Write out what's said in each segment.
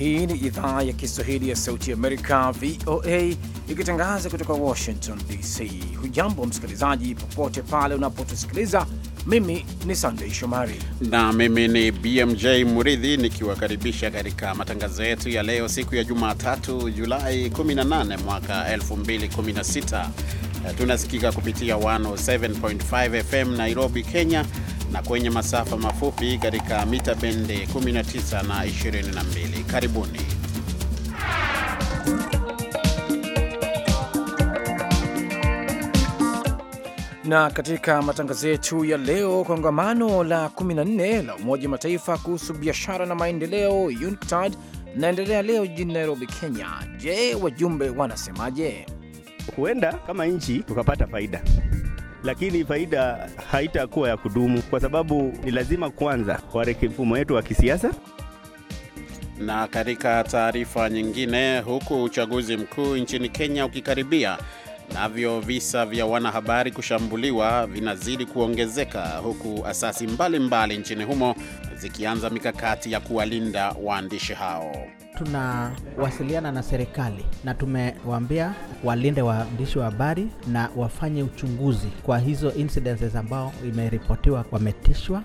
Hii ni idhaa ya Kiswahili ya Sauti Amerika, VOA, ikitangaza kutoka Washington DC. Hujambo msikilizaji, popote pale unapotusikiliza. Mimi ni Sandei Shomari na mimi ni BMJ Muridhi, nikiwakaribisha katika matangazo yetu ya leo, siku ya Jumatatu, Julai 18 mwaka 2016. Tunasikika kupitia 107.5 FM Nairobi, Kenya na kwenye masafa mafupi katika mita bendi 19 na 22. Karibuni. Na katika matangazo yetu ya leo, kongamano la 14 la Umoja wa Mataifa kuhusu biashara na maendeleo UNCTAD naendelea leo jijini Nairobi, Kenya. Je, wajumbe wanasemaje? Huenda kama nchi tukapata faida lakini faida haitakuwa ya kudumu, kwa sababu ni lazima kwanza wareke mfumo wetu wa kisiasa. Na katika taarifa nyingine, huku uchaguzi mkuu nchini Kenya ukikaribia Navyo visa vya wanahabari kushambuliwa vinazidi kuongezeka huku asasi mbalimbali mbali nchini humo zikianza mikakati ya kuwalinda waandishi hao. Tunawasiliana na serikali na tumewaambia walinde waandishi wa habari na wafanye uchunguzi kwa hizo incidences ambao imeripotiwa wametishwa.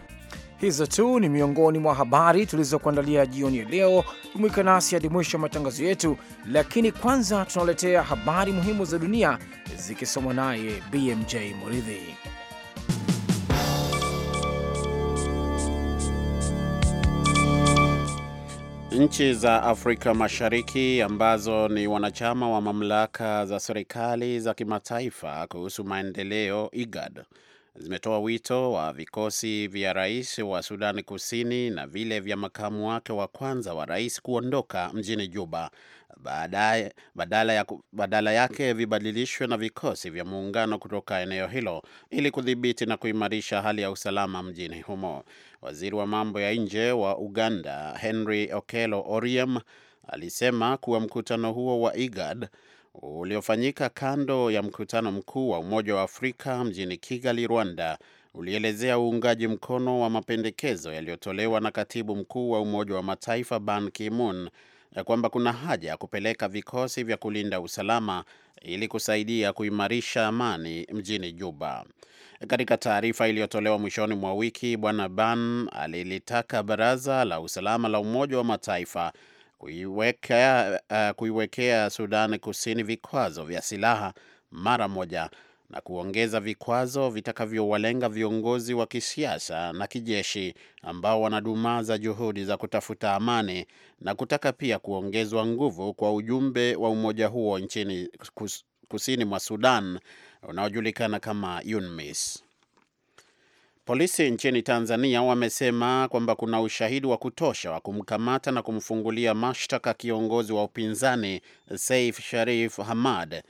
Hizo tu ni miongoni mwa habari tulizokuandalia jioni ya leo. Jumuika nasi hadi mwisho wa matangazo yetu, lakini kwanza tunaletea habari muhimu za dunia zikisomwa naye BMJ Muridhi. Nchi za Afrika Mashariki ambazo ni wanachama wa mamlaka za serikali za kimataifa kuhusu maendeleo IGAD zimetoa wito wa vikosi vya rais wa Sudani Kusini na vile vya makamu wake wa kwanza wa rais kuondoka mjini Juba baadaye, badala, ya, badala yake vibadilishwe na vikosi vya muungano kutoka eneo hilo ili kudhibiti na kuimarisha hali ya usalama mjini humo. Waziri wa mambo ya nje wa Uganda Henry Okello Oryem alisema kuwa mkutano huo wa IGAD uliofanyika kando ya mkutano mkuu wa Umoja wa Afrika mjini Kigali, Rwanda, ulielezea uungaji mkono wa mapendekezo yaliyotolewa na katibu mkuu wa Umoja wa Mataifa Ban Ki-moon ya kwamba kuna haja ya kupeleka vikosi vya kulinda usalama ili kusaidia kuimarisha amani mjini Juba. Katika taarifa iliyotolewa mwishoni mwa wiki, Bwana Ban alilitaka Baraza la Usalama la Umoja wa Mataifa kuiwekea, uh, kuiwekea Sudan Kusini vikwazo vya silaha mara moja na kuongeza vikwazo vitakavyowalenga viongozi wa kisiasa na kijeshi ambao wanadumaza juhudi za kutafuta amani na kutaka pia kuongezwa nguvu kwa ujumbe wa umoja huo nchini kusini mwa Sudan unaojulikana kama UNMISS. Polisi nchini Tanzania wamesema kwamba kuna ushahidi wa kutosha wa kumkamata na kumfungulia mashtaka kiongozi wa upinzani Saif Sharif Hamad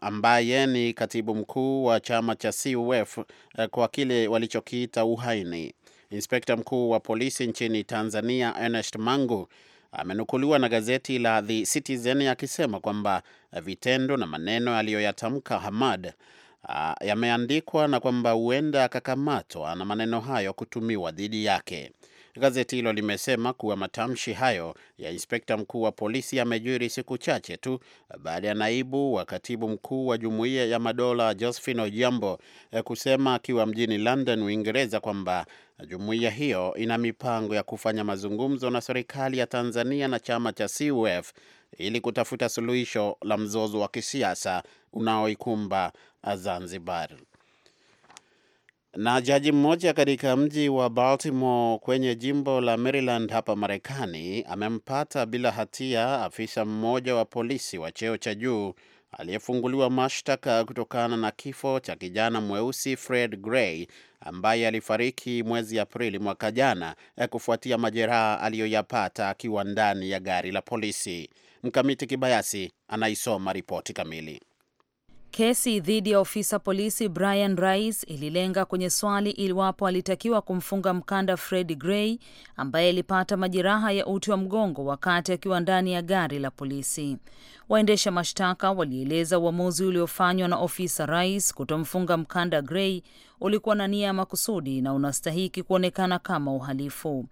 ambaye ni katibu mkuu wa chama cha CUF eh, kwa kile walichokiita uhaini. Inspekta mkuu wa polisi nchini Tanzania Ernest Mangu amenukuliwa na gazeti la The Citizen akisema kwamba vitendo na maneno aliyoyatamka Hamad Ah, yameandikwa na kwamba huenda akakamatwa na maneno hayo kutumiwa dhidi yake. Gazeti hilo limesema kuwa matamshi hayo ya inspekta mkuu wa polisi yamejiri siku chache tu baada ya naibu wa katibu mkuu wa jumuiya ya madola Josephine Ojiambo eh, kusema akiwa mjini London, Uingereza, kwamba jumuiya hiyo ina mipango ya kufanya mazungumzo na serikali ya Tanzania na chama cha CUF ili kutafuta suluhisho la mzozo wa kisiasa unaoikumba Zanzibar. Na jaji mmoja katika mji wa Baltimore kwenye jimbo la Maryland hapa Marekani amempata bila hatia afisa mmoja wa polisi wa cheo cha juu aliyefunguliwa mashtaka kutokana na kifo cha kijana mweusi Fred Gray ambaye alifariki mwezi Aprili mwaka jana eh, kufuatia majeraha aliyoyapata akiwa ndani ya gari la polisi. Mkamiti Kibayasi anaisoma ripoti kamili. Kesi dhidi ya ofisa polisi Brian Rice ililenga kwenye swali iwapo alitakiwa kumfunga mkanda fred Gray ambaye alipata majeraha ya uti wa mgongo wakati akiwa ndani ya gari la polisi. Waendesha mashtaka walieleza uamuzi uliofanywa na ofisa Rice kutomfunga mkanda Gray ulikuwa na nia ya makusudi na unastahiki kuonekana kama uhalifu.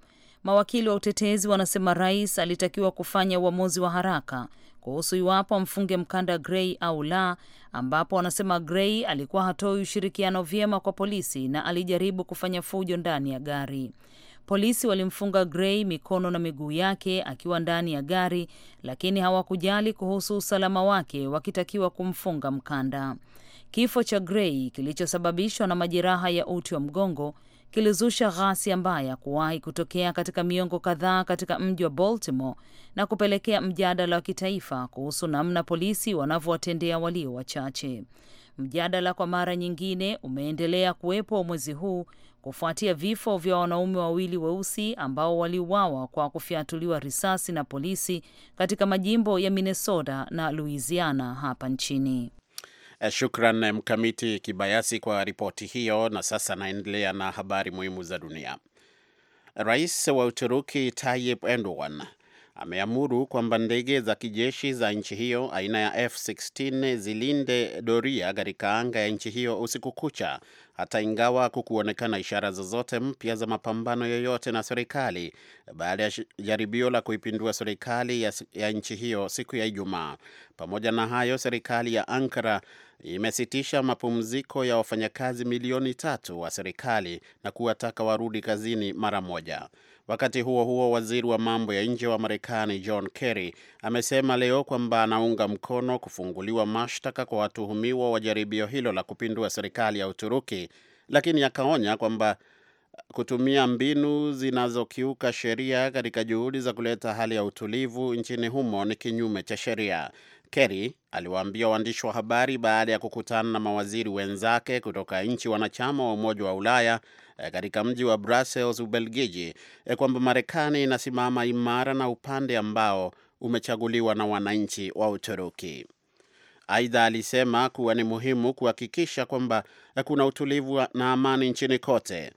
Mawakili wa utetezi wanasema Rais alitakiwa kufanya uamuzi wa haraka kuhusu iwapo amfunge mkanda Gray au la, ambapo wanasema Gray alikuwa hatoi ushirikiano vyema kwa polisi na alijaribu kufanya fujo ndani ya gari. Polisi walimfunga Gray mikono na miguu yake akiwa ndani ya gari, lakini hawakujali kuhusu usalama wake, wakitakiwa kumfunga mkanda. Kifo cha Gray kilichosababishwa na majeraha ya uti wa mgongo kilizusha ghasia mbaya kuwahi kutokea katika miongo kadhaa katika mji wa Baltimore na kupelekea mjadala wa kitaifa kuhusu namna polisi wanavyowatendea walio wachache. Mjadala kwa mara nyingine umeendelea kuwepo mwezi huu kufuatia vifo vya wanaume wawili weusi ambao waliuawa kwa kufyatuliwa risasi na polisi katika majimbo ya Minnesota na Louisiana hapa nchini. Eh, shukran eh, Mkamiti Kibayasi kwa ripoti hiyo, na sasa naendelea na habari muhimu za dunia. Rais wa Uturuki Tayyip Erdogan ameamuru kwamba ndege za kijeshi za nchi hiyo aina ya F16 zilinde doria katika anga ya nchi hiyo usiku kucha, hata ingawa kukuonekana ishara zozote mpya za mapambano yoyote na serikali baada ya jaribio la kuipindua serikali ya, ya nchi hiyo siku ya Ijumaa. Pamoja na hayo, serikali ya Ankara imesitisha mapumziko ya wafanyakazi milioni tatu wa serikali na kuwataka warudi kazini mara moja. Wakati huo huo, waziri wa mambo ya nje wa Marekani John Kerry amesema leo kwamba anaunga mkono kufunguliwa mashtaka kwa watuhumiwa wa jaribio hilo la kupindua serikali ya Uturuki, lakini akaonya kwamba kutumia mbinu zinazokiuka sheria katika juhudi za kuleta hali ya utulivu nchini humo ni kinyume cha sheria. Kerry aliwaambia waandishi wa habari baada ya kukutana na mawaziri wenzake kutoka nchi wanachama wa Umoja wa Ulaya eh, katika mji wa Brussels, Ubelgiji, eh, kwamba Marekani inasimama imara na upande ambao umechaguliwa na wananchi wa Uturuki. Aidha, alisema kuwa ni muhimu kuhakikisha kwamba eh, kuna utulivu na amani nchini kote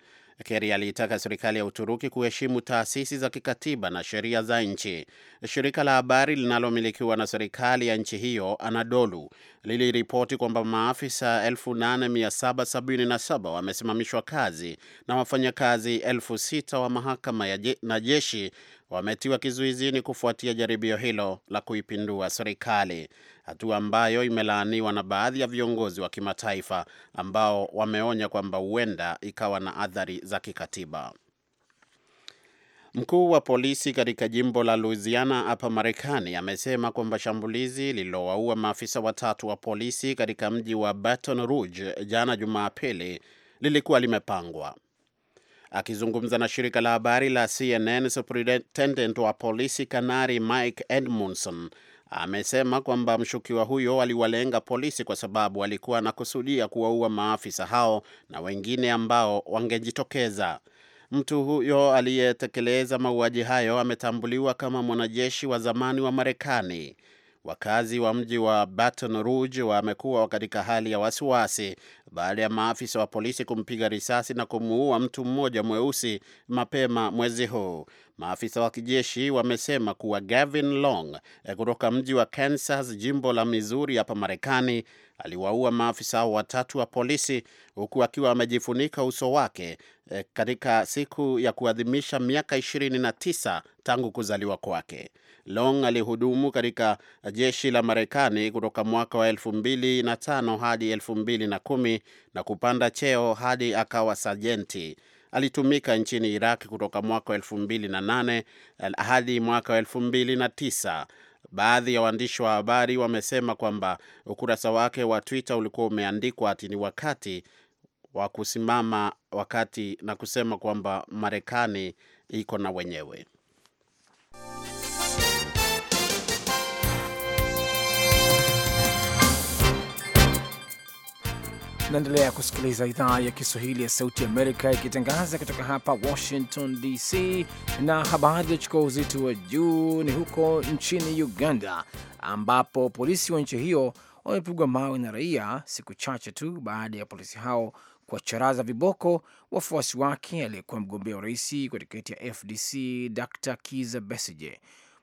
Kerry aliitaka serikali ya Uturuki kuheshimu taasisi za kikatiba na sheria za nchi. Shirika la habari linalomilikiwa na serikali ya nchi hiyo Anadolu liliripoti kwamba maafisa 8777 wamesimamishwa kazi na wafanyakazi 6000 wa mahakama na jeshi wametiwa kizuizini kufuatia jaribio hilo la kuipindua serikali, hatua ambayo imelaaniwa na baadhi ya viongozi wa kimataifa ambao wameonya kwamba huenda ikawa na athari za kikatiba. Mkuu wa polisi katika jimbo la Louisiana hapa Marekani amesema kwamba shambulizi lililowaua maafisa watatu wa polisi katika mji wa Baton Rouge jana Jumapili lilikuwa limepangwa. Akizungumza na shirika la habari la CNN, superintendent wa polisi Kanari Mike Edmundson amesema kwamba mshukiwa huyo aliwalenga polisi kwa sababu alikuwa anakusudia kuwaua maafisa hao na wengine ambao wangejitokeza. Mtu huyo aliyetekeleza mauaji hayo ametambuliwa kama mwanajeshi wa zamani wa Marekani. Wakazi wa mji wa Baton Rouge wamekuwa katika hali ya wasiwasi baada ya maafisa wa polisi kumpiga risasi na kumuua mtu mmoja mweusi mapema mwezi huu. Maafisa wa kijeshi wamesema kuwa Gavin Long eh, kutoka mji wa Kansas, jimbo la Missouri hapa Marekani, aliwaua maafisa hao watatu wa polisi huku akiwa amejifunika uso wake eh, katika siku ya kuadhimisha miaka 29 tangu kuzaliwa kwake. Long alihudumu katika jeshi la Marekani kutoka mwaka wa 2005 hadi 2010 na kupanda cheo hadi akawa sajenti. Alitumika nchini Iraq kutoka mwaka wa 2008 eh, hadi mwaka wa 2009. Baadhi ya waandishi wa habari wamesema kwamba ukurasa wake wa Twitter ulikuwa umeandikwa ati ni wakati wa kusimama wakati na kusema kwamba Marekani iko na wenyewe. Tunaendelea kusikiliza idhaa ya Kiswahili ya Sauti Amerika ikitangaza kutoka hapa Washington DC, na habari iliyochukua uzito wa juu ni huko nchini Uganda, ambapo polisi wa nchi hiyo wamepigwa mawe na raia siku chache tu baada ya polisi hao kuwacharaza viboko wafuasi wake aliyekuwa mgombea urais kwa tiketi ya FDC Dr Kiza besije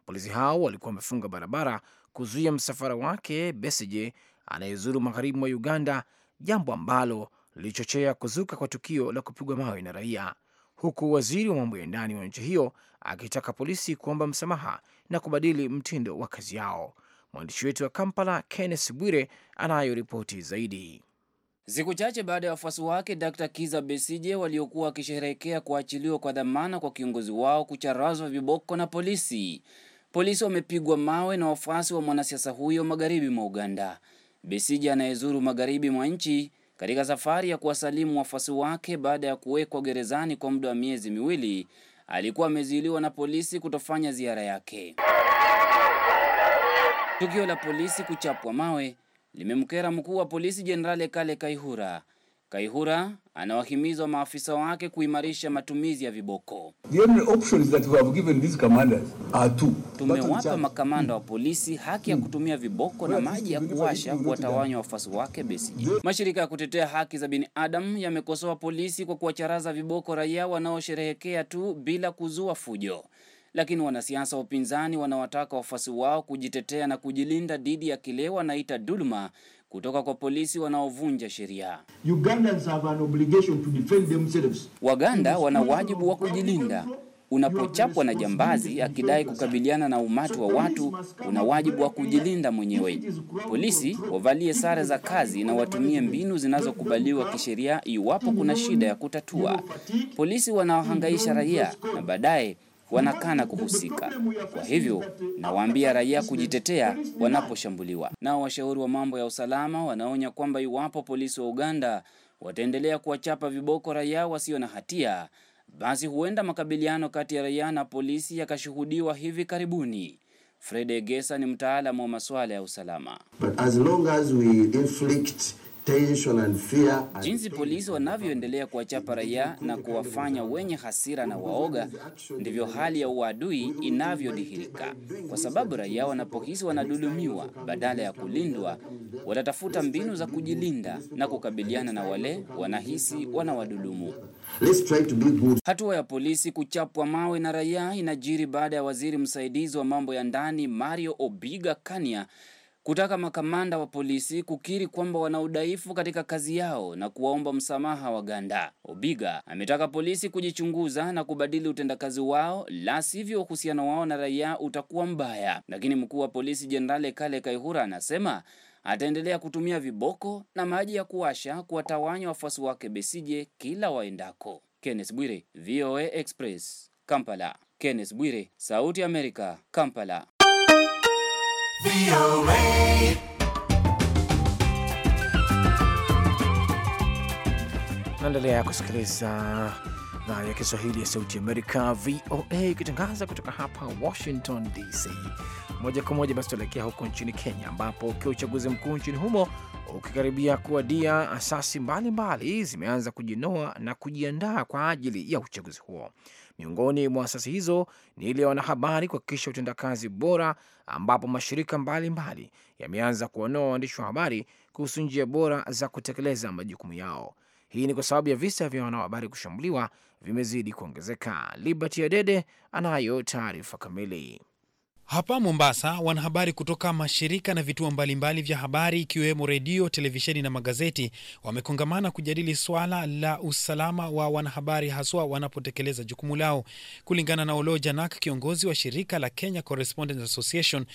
Polisi hao walikuwa wamefunga barabara kuzuia msafara wake besije anayezuru magharibi mwa Uganda jambo ambalo lilichochea kuzuka kwa tukio la kupigwa mawe na raia, huku waziri wa mambo ya ndani wa nchi hiyo akitaka polisi kuomba msamaha na kubadili mtindo wa kazi yao. Mwandishi wetu wa Kampala, Kenneth Bwire, anayo ripoti zaidi. Siku chache baada ya wafuasi wake Dr Kiza Besije waliokuwa wakisherehekea kuachiliwa kwa dhamana kwa kiongozi wao kucharazwa viboko na polisi, polisi wamepigwa mawe na wafuasi wa mwanasiasa huyo magharibi mwa Uganda. Besigye anayezuru magharibi mwa nchi katika safari ya kuwasalimu wafuasi wake baada ya kuwekwa gerezani kwa muda wa miezi miwili, alikuwa amezuiliwa na polisi kutofanya ziara yake. Tukio la polisi kuchapwa mawe limemkera mkuu wa polisi Jenerali Kale Kaihura Kaihura anawahimiza maafisa wake kuimarisha matumizi ya viboko. Tumewapa makamanda wa polisi haki ya hmm. kutumia viboko na maji ya kuwasha kuwatawanya wafuasi wake Besigye. Mashirika ya kutetea haki za binadamu yamekosoa polisi kwa kuwacharaza viboko raia wanaosherehekea tu bila kuzua fujo, lakini wanasiasa wa upinzani wanawataka wafuasi wao kujitetea na kujilinda dhidi ya kile wanaita dhuluma kutoka kwa polisi wanaovunja sheria. Waganda wana wajibu wa kujilinda. Unapochapwa na jambazi akidai kukabiliana na umati wa watu, una wajibu wa kujilinda mwenyewe. Polisi wavalie sare za kazi na watumie mbinu zinazokubaliwa kisheria iwapo kuna shida ya kutatua. Polisi wanaohangaisha raia na baadaye wanakana kuhusika. Kwa hivyo nawaambia raia kujitetea wanaposhambuliwa. Nao washauri wa mambo ya usalama wanaonya kwamba iwapo polisi wa Uganda wataendelea kuwachapa viboko raia wasio na hatia, basi huenda makabiliano kati ya raia na polisi yakashuhudiwa hivi karibuni. Fred Egesa ni mtaalamu wa masuala ya usalama. But as long as we inflict... Jinsi polisi wanavyoendelea kuwachapa raia na kuwafanya wenye hasira na waoga, ndivyo hali ya uadui inavyodhihirika, kwa sababu raia wanapohisi wanadhulumiwa badala ya kulindwa, watatafuta mbinu za kujilinda na kukabiliana na wale wanahisi wanawadhulumu. Hatua ya polisi kuchapwa mawe na raia inajiri baada ya waziri msaidizi wa mambo ya ndani Mario Obiga Kania kutaka makamanda wa polisi kukiri kwamba wana udhaifu katika kazi yao na kuwaomba msamaha Waganda. Obiga ametaka polisi kujichunguza na kubadili utendakazi wao, la sivyo uhusiano wao na raia utakuwa mbaya. Lakini mkuu wa polisi Jenerali Kale Kaihura anasema ataendelea kutumia viboko na maji ya kuwasha kuwatawanya wafuasi wake Besije kila waendako. Kenneth Bwire, VOA Express, Kampala. Kenneth Bwire, Sauti Amerika, Kampala. Naendelea kusikiliza idhaa ya Kiswahili ya Sauti Amerika, VOA, ikitangaza kutoka hapa Washington DC moja kwa moja. Basi tuelekea huko nchini Kenya, ambapo ukiwa uchaguzi mkuu nchini humo ukikaribia kuwadia, asasi mbalimbali zimeanza kujinoa na kujiandaa kwa ajili ya uchaguzi huo. Miongoni mwa asasi hizo ni ile ya wanahabari kuhakikisha utendakazi bora, ambapo mashirika mbalimbali yameanza kuwanoa waandishi wa habari kuhusu njia bora za kutekeleza majukumu yao. Hii ni kwa sababu ya visa vya wanahabari kushambuliwa vimezidi kuongezeka. Liberty Adede anayo taarifa kamili. Hapa Mombasa, wanahabari kutoka mashirika na vituo mbalimbali vya habari ikiwemo redio, televisheni na magazeti wamekongamana kujadili swala la usalama wa wanahabari, haswa wanapotekeleza jukumu lao. Kulingana na Oloja kiongozi wa shirika la Kenya Correspondents Association,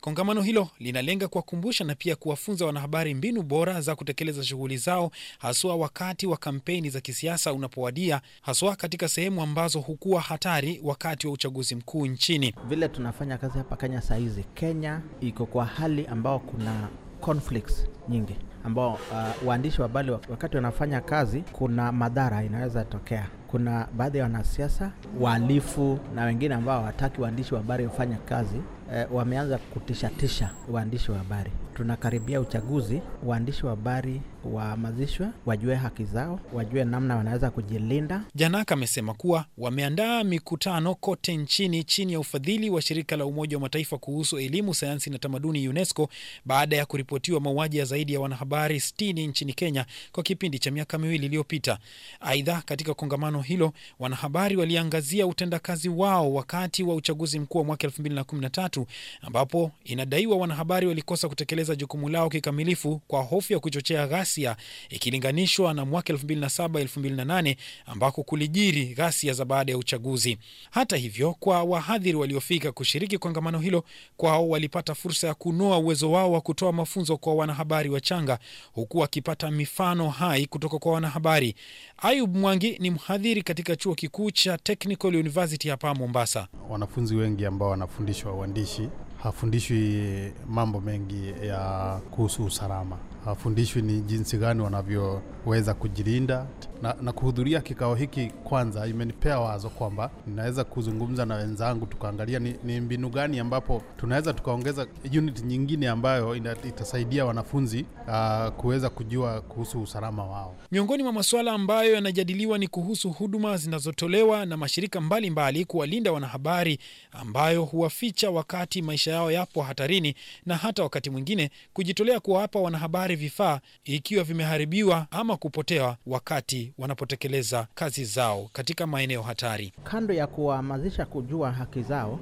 Kongamano hilo linalenga kuwakumbusha na pia kuwafunza wanahabari mbinu bora za kutekeleza shughuli zao, haswa wakati wa kampeni za kisiasa unapowadia, haswa katika sehemu ambazo hukuwa hatari wakati wa uchaguzi mkuu nchini. Vile tunafanya kazi hapa Kenya saa hizi, Kenya iko kwa hali ambao kuna conflicts nyingi ambao uh, waandishi wa bali wakati wanafanya kazi, kuna madhara inaweza tokea. Kuna baadhi ya wanasiasa waalifu na wengine ambao hawataki waandishi wa habari wafanya kazi e, wameanza kutishatisha waandishi wa habari. Tunakaribia uchaguzi, waandishi wa habari kuwahamazishwe, wajue haki zao, wajue namna wanaweza kujilinda. janak amesema kuwa wameandaa mikutano kote nchini chini ya ufadhili wa shirika la Umoja wa Mataifa kuhusu elimu, sayansi na tamaduni UNESCO baada ya kuripotiwa mauaji ya zaidi ya wanahabari sitini nchini Kenya kwa kipindi cha miaka miwili iliyopita. Aidha, katika kongamano hilo wanahabari waliangazia utendakazi wao wakati wa uchaguzi mkuu wa mwaka 2013 ambapo inadaiwa wanahabari walikosa kutekeleza jukumu lao kikamilifu kwa hofu ya kuchochea ghasia ghasia ikilinganishwa na mwaka 2007 2008 ambako kulijiri ghasia za baada ya uchaguzi. Hata hivyo, kwa wahadhiri waliofika kushiriki kongamano hilo, kwao walipata fursa ya kunoa uwezo wao wa kutoa mafunzo kwa wanahabari wachanga, huku wakipata mifano hai kutoka kwa wanahabari. Ayub Mwangi ni mhadhiri katika chuo kikuu cha Technical University hapa Mombasa. Wanafunzi wengi ambao wanafundishwa uandishi hafundishwi mambo mengi ya kuhusu usalama afundishwe ni jinsi gani wanavyoweza kujilinda na, na kuhudhuria kikao hiki kwanza imenipea wazo kwamba ninaweza kuzungumza na wenzangu tukaangalia ni, ni mbinu gani ambapo tunaweza tukaongeza unit nyingine ambayo ina, itasaidia wanafunzi uh, kuweza kujua kuhusu usalama wao. Miongoni mwa masuala ambayo yanajadiliwa ni kuhusu huduma zinazotolewa na mashirika mbalimbali kuwalinda wanahabari ambayo huwaficha wakati maisha yao yapo hatarini na hata wakati mwingine kujitolea kuwapa wanahabari vifaa ikiwa vimeharibiwa ama kupotewa wakati wanapotekeleza kazi zao katika maeneo hatari. Kando ya kuwahamasisha kujua haki zao,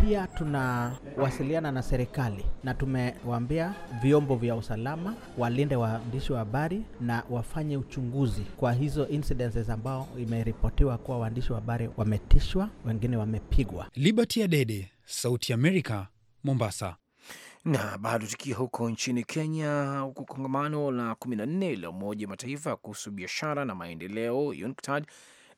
pia tunawasiliana na serikali na tumewaambia vyombo vya usalama walinde waandishi wa habari na wafanye uchunguzi kwa hizo incidences ambao imeripotiwa kuwa waandishi wa habari wametishwa, wengine wamepigwa. Liberty Adede, Sauti ya Amerika, Mombasa. Na bado tukiwa huko nchini Kenya, huku kongamano la kumi na nne la Umoja wa Mataifa kuhusu biashara na maendeleo UNCTAD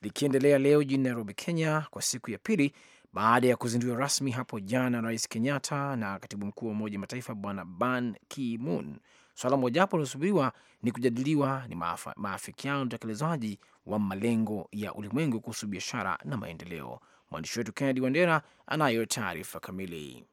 likiendelea leo jijini Nairobi, Kenya, kwa siku ya pili baada ya kuzinduliwa rasmi hapo jana Rais Kenyatta na katibu mkuu wa Umoja Mataifa Bwana Ban Ki-moon. Swala mojawapo linaosubiriwa ni kujadiliwa ni maafikiano utekelezaji wa malengo ya ulimwengu kuhusu biashara na maendeleo. Mwandishi wetu Kennedy Wandera anayo taarifa kamili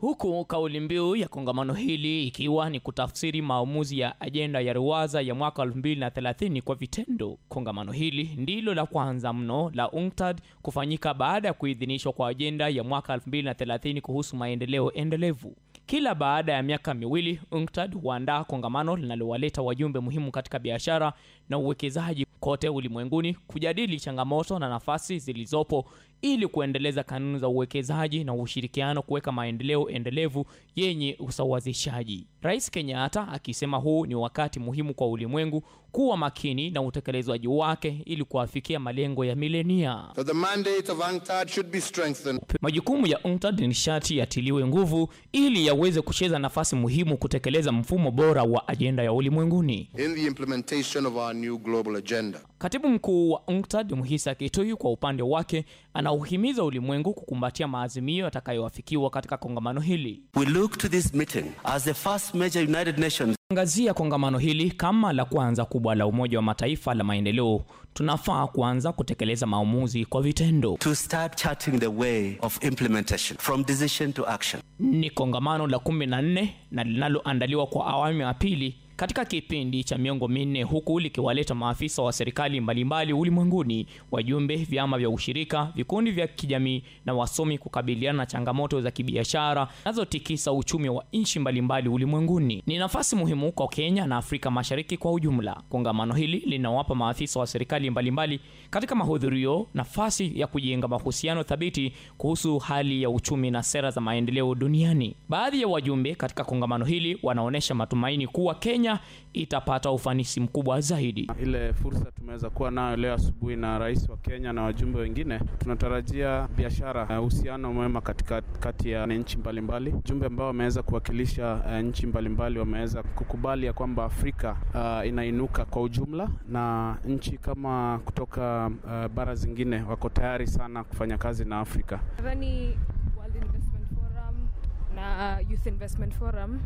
huku kauli mbiu ya kongamano hili ikiwa ni kutafsiri maamuzi ya ajenda ya ruwaza ya mwaka 2030 kwa vitendo. Kongamano hili ndilo la kwanza mno la UNCTAD kufanyika baada ya kuidhinishwa kwa ajenda ya mwaka 2030 kuhusu maendeleo endelevu. Kila baada ya miaka miwili UNCTAD huandaa kongamano linalowaleta wajumbe muhimu katika biashara, na uwekezaji kote ulimwenguni kujadili changamoto na nafasi zilizopo ili kuendeleza kanuni za uwekezaji na ushirikiano kuweka maendeleo endelevu yenye usawazishaji. Rais Kenyatta akisema huu ni wakati muhimu kwa ulimwengu kuwa makini na utekelezaji wake ili kuafikia malengo ya milenia. So the mandate of UNCTAD should be strengthened. Majukumu ya UNCTAD ni sharti yatiliwe nguvu ili yaweze kucheza nafasi muhimu kutekeleza mfumo bora wa ajenda ya ulimwenguni. In the implementation of our new global agenda. Katibu mkuu wa UNCTAD Muhisa Kituyu kwa upande wake anauhimiza ulimwengu kukumbatia maazimio yatakayowafikiwa katika kongamano hili. We look to this meeting as the first major United Nations. Angazia kongamano hili kama la kwanza kubwa la Umoja wa Mataifa la maendeleo. Tunafaa kuanza kutekeleza maamuzi kwa vitendo. To start charting the way of implementation from decision to action. Ni kongamano la 14 na linaloandaliwa kwa awamu ya pili katika kipindi cha miongo minne huku likiwaleta maafisa wa serikali mbalimbali ulimwenguni, wajumbe, vyama vya ushirika, vikundi vya kijamii na wasomi kukabiliana na changamoto za kibiashara zinazotikisa uchumi wa nchi mbalimbali ulimwenguni. Ni nafasi muhimu kwa Kenya na Afrika Mashariki kwa ujumla. Kongamano hili linawapa maafisa wa serikali mbalimbali katika mahudhurio nafasi ya kujenga mahusiano thabiti kuhusu hali ya uchumi na sera za maendeleo duniani. Baadhi ya wajumbe katika kongamano hili wanaonesha matumaini kuwa Kenya Kenya itapata ufanisi mkubwa zaidi. Ile fursa tumeweza kuwa nayo leo asubuhi na rais wa Kenya na wajumbe wengine, tunatarajia biashara, eh, uhusiano mwema katika kati ya nchi mbalimbali. Wajumbe ambao wameweza kuwakilisha eh, nchi mbalimbali wameweza kukubali ya kwamba Afrika uh, inainuka kwa ujumla, na nchi kama kutoka uh, bara zingine wako tayari sana kufanya kazi na Afrika. World Investment Forum na Youth Investment Forum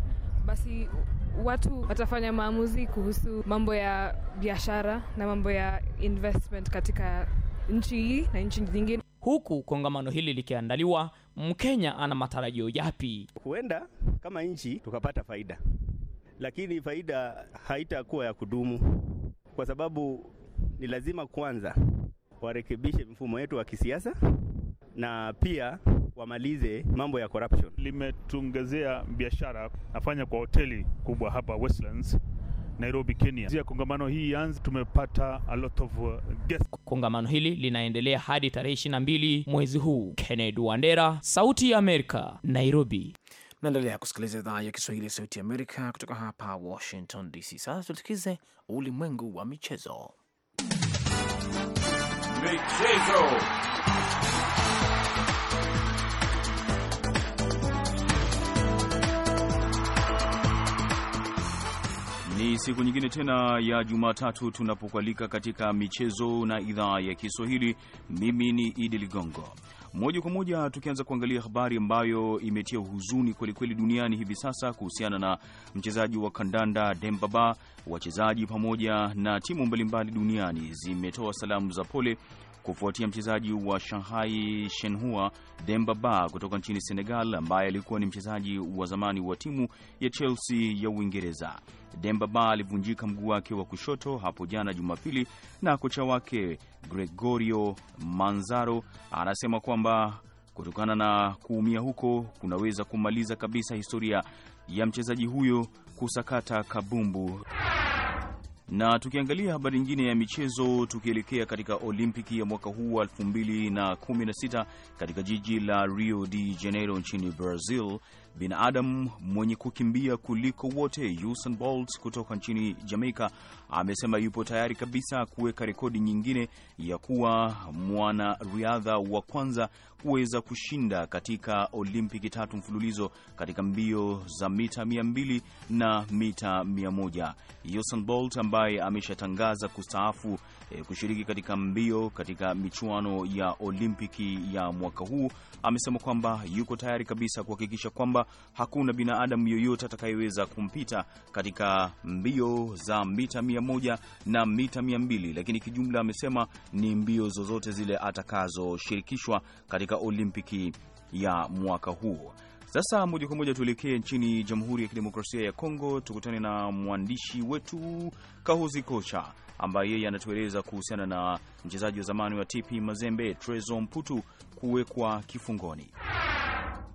basi watu watafanya maamuzi kuhusu mambo ya biashara na mambo ya investment katika nchi hii na nchi nyingine. Huku kongamano hili likiandaliwa, Mkenya ana matarajio yapi? Huenda kama nchi tukapata faida, lakini faida haitakuwa ya kudumu, kwa sababu ni lazima kwanza warekebishe mfumo wetu wa kisiasa na pia wamalize mambo ya corruption. Limetuongezea biashara, nafanya kwa hoteli kubwa hapa Westlands Nairobi, Kenya. Zia kongamano hii ianze, tumepata a lot of uh, guests. Kongamano hili linaendelea hadi tarehe 22 mwezi huu. Kennedy Wandera, Sauti ya Amerika, Nairobi. Naendelea kusikiliza idhaa ya Kiswahili ya Sauti ya Amerika kutoka hapa Washington DC. Sasa tusikize ulimwengu wa michezo. Michezo. Ni siku nyingine tena ya Jumatatu tunapokualika katika michezo na idhaa ya Kiswahili. Mimi ni Idi Ligongo. Moja kwa moja tukianza kuangalia habari ambayo imetia huzuni kwelikweli duniani hivi sasa kuhusiana na mchezaji wa kandanda Dembaba. Wachezaji pamoja na timu mbalimbali duniani zimetoa salamu za pole kufuatia mchezaji wa Shanghai Shenhua Demba Ba kutoka nchini Senegal, ambaye alikuwa ni mchezaji wa zamani wa timu ya Chelsea ya Uingereza. Demba Ba alivunjika mguu wake wa kushoto hapo jana Jumapili, na kocha wake Gregorio Manzaro anasema kwamba kutokana na kuumia huko kunaweza kumaliza kabisa historia ya mchezaji huyo kusakata kabumbu. Na tukiangalia habari nyingine ya michezo, tukielekea katika Olimpiki ya mwaka huu wa 2016 katika jiji la Rio de Janeiro nchini Brazil Binadamu mwenye kukimbia kuliko wote Usain Bolt kutoka nchini Jamaica amesema yupo tayari kabisa kuweka rekodi nyingine ya kuwa mwanariadha wa kwanza kuweza kushinda katika Olimpiki tatu mfululizo katika mbio za mita 200 na mita 100. Usain Bolt ambaye ameshatangaza kustaafu e, kushiriki katika mbio katika michuano ya Olimpiki ya mwaka huu, amesema kwamba yuko tayari kabisa kuhakikisha kwamba hakuna binadamu yoyote atakayeweza kumpita katika mbio za mita mia moja na mita mia mbili lakini kijumla amesema ni mbio zozote zile atakazoshirikishwa katika Olimpiki ya mwaka huu. Sasa moja kwa moja tuelekee nchini Jamhuri ya Kidemokrasia ya Kongo, tukutane na mwandishi wetu Kahozi Kocha ambaye yeye anatueleza kuhusiana na mchezaji wa zamani wa TP Mazembe Trezo Mputu kuwekwa kifungoni.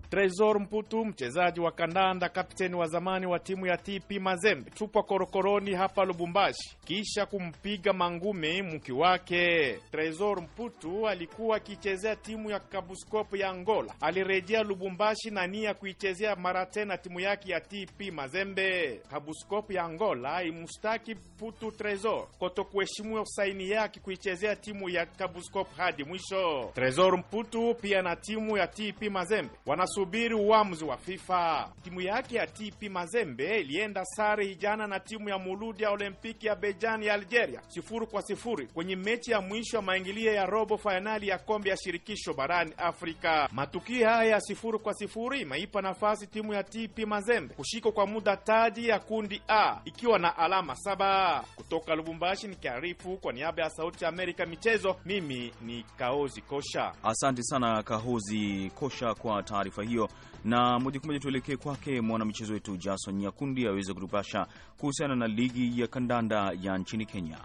Tresor Mputu, mchezaji wa kandanda, kapteni wa zamani wa timu ya TP Mazembe, tupwa korokoroni hapa Lubumbashi kisha kumpiga mangumi mke wake. Tresor Mputu alikuwa akichezea timu ya Kabuskop ya Angola, alirejea Lubumbashi na nia kuichezea mara tena timu yake ya TP Mazembe. Kabuskop ya Angola imustaki Mputu Tresor kutokuheshimu saini yake kuichezea timu ya Kabuskop hadi mwisho. Tresor Mputu pia na timu ya TP Mazembe wanas kusubiri uamuzi wa FIFA. Timu yake ya TP Mazembe ilienda sare hijana na timu ya Muludi ya Olimpiki ya Bejani ya Algeria sifuri kwa sifuri kwenye mechi ya mwisho ya maingilio ya robo fainali ya kombe ya shirikisho barani Afrika. Matukio haya ya sifuri kwa sifuri imeipa nafasi timu ya TP Mazembe kushika kwa muda taji ya kundi A ikiwa na alama saba. Kutoka Lubumbashi nikiarifu kwa niaba ya Sauti ya Amerika michezo, mimi ni Kaozi Kosha. Asante sana Kaozi Kosha kwa taarifa hiyo na moja kwa moja tuelekee kwake mwanamichezo wetu Jason Nyakundi aweze kutupasha kuhusiana na ligi ya kandanda ya nchini Kenya.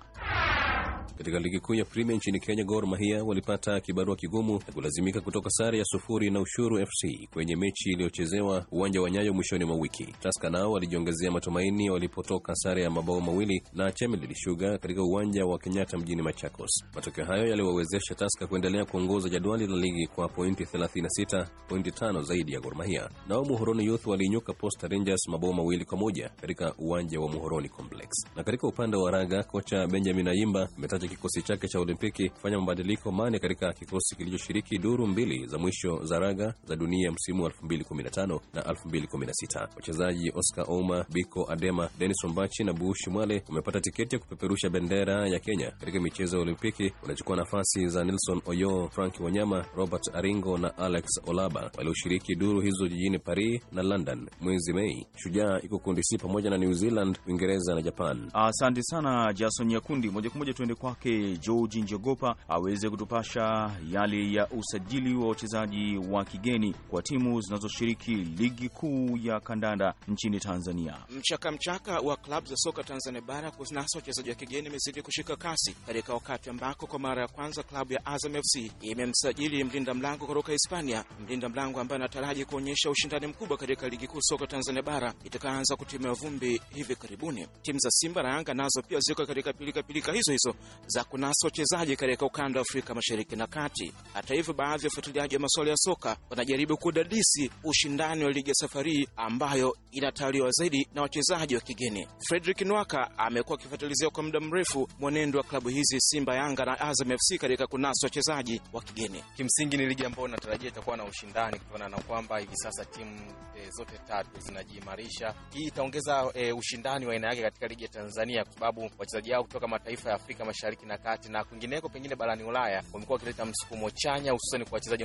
Katika ligi kuu ya Premier nchini Kenya, Gor Mahia walipata kibarua kigumu na kulazimika kutoka sare ya sufuri na Ushuru FC kwenye mechi iliyochezewa uwanja wa Nyayo mwishoni mwa wiki. Tusker nao walijiongezea matumaini walipotoka sare ya mabao mawili na Chemelil Sugar katika uwanja wa Kenyatta mjini Machakos. Matokeo hayo yaliwawezesha Tusker kuendelea kuongoza jadwali la ligi kwa pointi 36, pointi 5 zaidi ya Gor Mahia. Nao Muhoroni Youth waliinyuka Posta Rangers mabao mawili kwa moja katika uwanja wa Muhoroni Complex. Na katika upande wa raga, kocha Benjamin Ayimba ametaja kikosi chake cha Olimpiki kufanya mabadiliko mane katika kikosi kilichoshiriki duru mbili za mwisho za raga za dunia msimu wa 2015 na 2016. Wachezaji Oscar Ouma, Biko Adema, Dennis Ombachi na Bushi Mwale wamepata tiketi ya kupeperusha bendera ya Kenya katika michezo ya Olimpiki. Unachukua nafasi za Nelson Oyo, Frank Wanyama, Robert Aringo na Alex Olaba walioshiriki duru hizo zilizo jijini Paris na London mwezi Mei. Shujaa iko kundi C pamoja na New Zealand, Uingereza na Japan. Asante sana Jason Nyakundi. Moja kwa moja tuende kwake George Njogopa aweze kutupasha yale ya usajili wa wachezaji wa kigeni kwa timu zinazoshiriki ligi kuu ya kandanda nchini Tanzania. Mchakamchaka wa klabu za soka Tanzania bara kunasa wachezaji wa kigeni imezidi kushika kasi katika wakati ambako kwa mara ya kwanza klabu ya Azam FC imemsajili mlinda mlango kutoka Hispania, mlinda mlango ambaye anataraji kuonyesha ushindani mkubwa katika ligi kuu soka Tanzania bara itakaanza kutimia vumbi hivi karibuni. Timu za Simba na Yanga nazo pia ziko katika pilika pilika hizo hizo za kunasa wachezaji katika ukanda wa Afrika mashariki na kati. Hata hivyo, baadhi ya wafuatiliaji wa masuala ya soka wanajaribu kudadisi ushindani wa ligi ya safari ambayo inatawaliwa zaidi na wachezaji wa kigeni. Frederick Nwaka amekuwa akifuatilizia kwa muda mrefu mwenendo wa klabu hizi Simba, Yanga na Azam FC katika kunasa wachezaji wa kigeni. Kimsingi ni ligi ambayo natarajia itakuwa na ushindani kutokana na kwamba hivi sasa timu e, zote tatu zinajiimarisha. Hii itaongeza e, ushindani wa aina yake katika ligi ya Tanzania kwa sababu wachezaji hao kutoka mataifa ya Afrika Mashariki na Kati na kwingineko pengine barani Ulaya wamekuwa wakileta msukumo chanya, hususani kwa wachezaji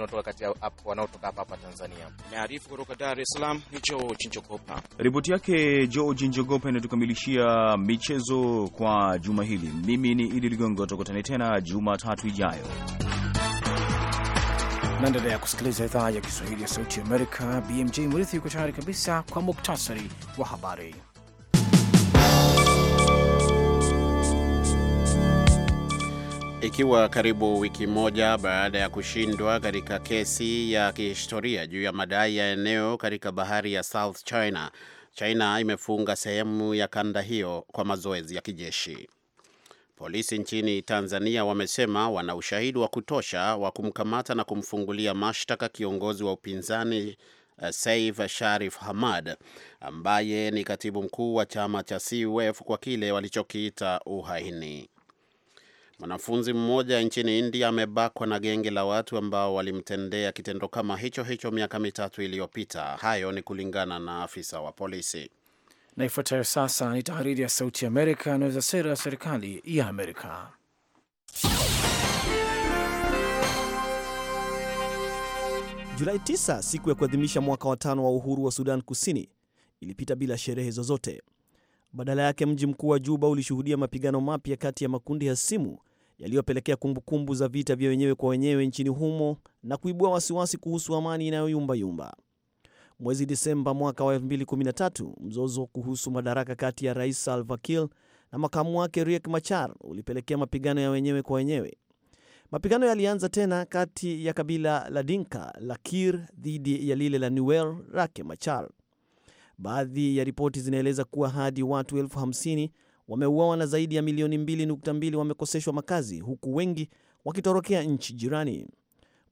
wanaotoka hapa hapa Tanzania. Naarifu kutoka Dar es Salaam ni George Njogopa. Ripoti yake George Njogopa inatukamilishia michezo kwa juma hili. Mimi ni Idi Ligongo, tukutane tena Jumatatu ijayo. Naendelea kusikiliza idhaa ya Kiswahili ya Sauti Amerika. BMJ Murithi yuko tayari kabisa kwa muktasari wa habari. Ikiwa karibu wiki moja baada ya kushindwa katika kesi ya kihistoria juu ya madai ya eneo katika bahari ya South China, China imefunga sehemu ya kanda hiyo kwa mazoezi ya kijeshi. Polisi nchini Tanzania wamesema wana ushahidi wa kutosha wa kumkamata na kumfungulia mashtaka kiongozi wa upinzani eh, Saif Sharif Hamad ambaye ni katibu mkuu wa chama cha CUF kwa kile walichokiita uhaini. Mwanafunzi mmoja nchini India amebakwa na genge la watu ambao walimtendea kitendo kama hicho hicho miaka mitatu iliyopita. Hayo ni kulingana na afisa wa polisi. Na ifuatayo sasa ni tahariri ya Sauti ya Amerika anaweza sera ya serikali ya Amerika. Julai 9, siku ya kuadhimisha mwaka wa tano wa uhuru wa Sudan Kusini, ilipita bila sherehe zozote. Badala yake, mji mkuu wa Juba ulishuhudia mapigano mapya kati ya makundi hasimu yaliyopelekea kumbukumbu za vita vya wenyewe kwa wenyewe nchini humo na kuibua wasiwasi kuhusu amani inayoyumbayumba. Mwezi Disemba mwaka wa 2013, mzozo kuhusu madaraka kati ya Rais Salva Kiir na makamu wake Riek Machar ulipelekea mapigano ya wenyewe kwa wenyewe. Mapigano yalianza tena kati ya kabila la Dinka la Kiir dhidi ya lile la Nuer Rake Machar. Baadhi ya ripoti zinaeleza kuwa hadi watu elfu hamsini wameuawa na zaidi ya milioni 2.2 wamekoseshwa makazi huku wengi wakitorokea nchi jirani.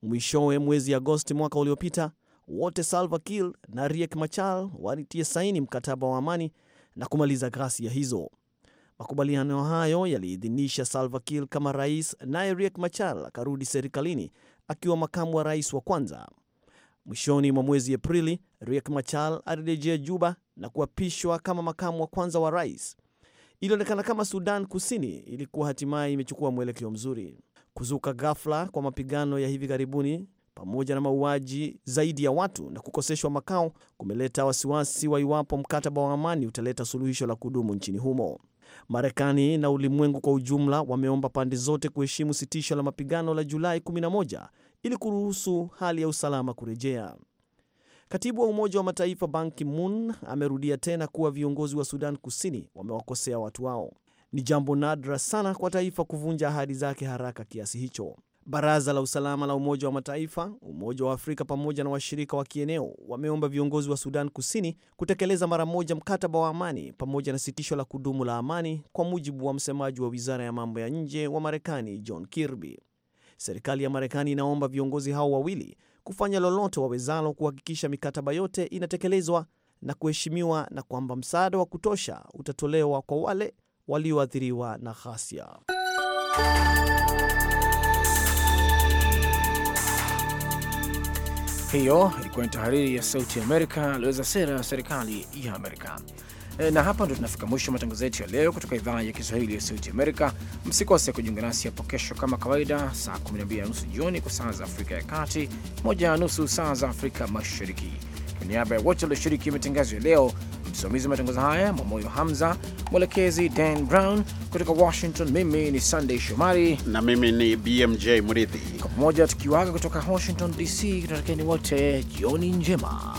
Mwishowe mwezi Agosti mwaka uliopita wote Salva Kiir na Riek Machar walitia saini mkataba wa amani na kumaliza ghasia hizo. Makubaliano hayo yaliidhinisha Salva Kiir kama rais, naye Riek Machar akarudi serikalini akiwa makamu wa rais wa kwanza. Mwishoni mwa mwezi Aprili, Riek Machar alirejea Juba na kuapishwa kama makamu wa kwanza wa rais. Ilionekana kama Sudan Kusini ilikuwa hatimaye imechukua mwelekeo mzuri. Kuzuka ghafla kwa mapigano ya hivi karibuni pamoja na mauaji zaidi ya watu na kukoseshwa makao kumeleta wasiwasi wa iwapo mkataba wa amani utaleta suluhisho la kudumu nchini humo. Marekani na ulimwengu kwa ujumla wameomba pande zote kuheshimu sitisho la mapigano la Julai 11 ili kuruhusu hali ya usalama kurejea. Katibu wa Umoja wa Mataifa Ban Ki-moon amerudia tena kuwa viongozi wa Sudan Kusini wamewakosea watu wao. Ni jambo nadra sana kwa taifa kuvunja ahadi zake haraka kiasi hicho. Baraza la Usalama la Umoja wa Mataifa, Umoja wa Afrika pamoja na washirika wa kieneo wameomba viongozi wa Sudan Kusini kutekeleza mara moja mkataba wa amani pamoja na sitisho la kudumu la amani, kwa mujibu wa msemaji wa Wizara ya Mambo ya Nje wa Marekani John Kirby. Serikali ya Marekani inaomba viongozi hao wawili kufanya lolote wawezalo kuhakikisha mikataba yote inatekelezwa na kuheshimiwa na kwamba msaada wa kutosha utatolewa kwa wale walioathiriwa na ghasia. Hiyo ilikuwa ni tahariri ya Sauti Amerika aliweza sera ya serikali ya Amerika. E, na hapa ndo tunafika mwisho matangazo yetu ya leo kutoka idhaa ya Kiswahili ya Sauti Amerika. Msikose kujiunga nasi hapo kesho kama kawaida, saa 12 na nusu jioni kwa saa za Afrika ya Kati, moja na nusu saa za Afrika Mashariki. Kwa niaba ya wote walioshiriki matangazo ya leo, Msimamizi wa matangazo haya Mwamoyo Hamza, mwelekezi Dan Brown kutoka Washington. Mimi ni Sunday Shomari na mimi ni BMJ Mridhi, kwa pamoja tukiwaga kutoka Washington DC, tunatakieni wote jioni njema.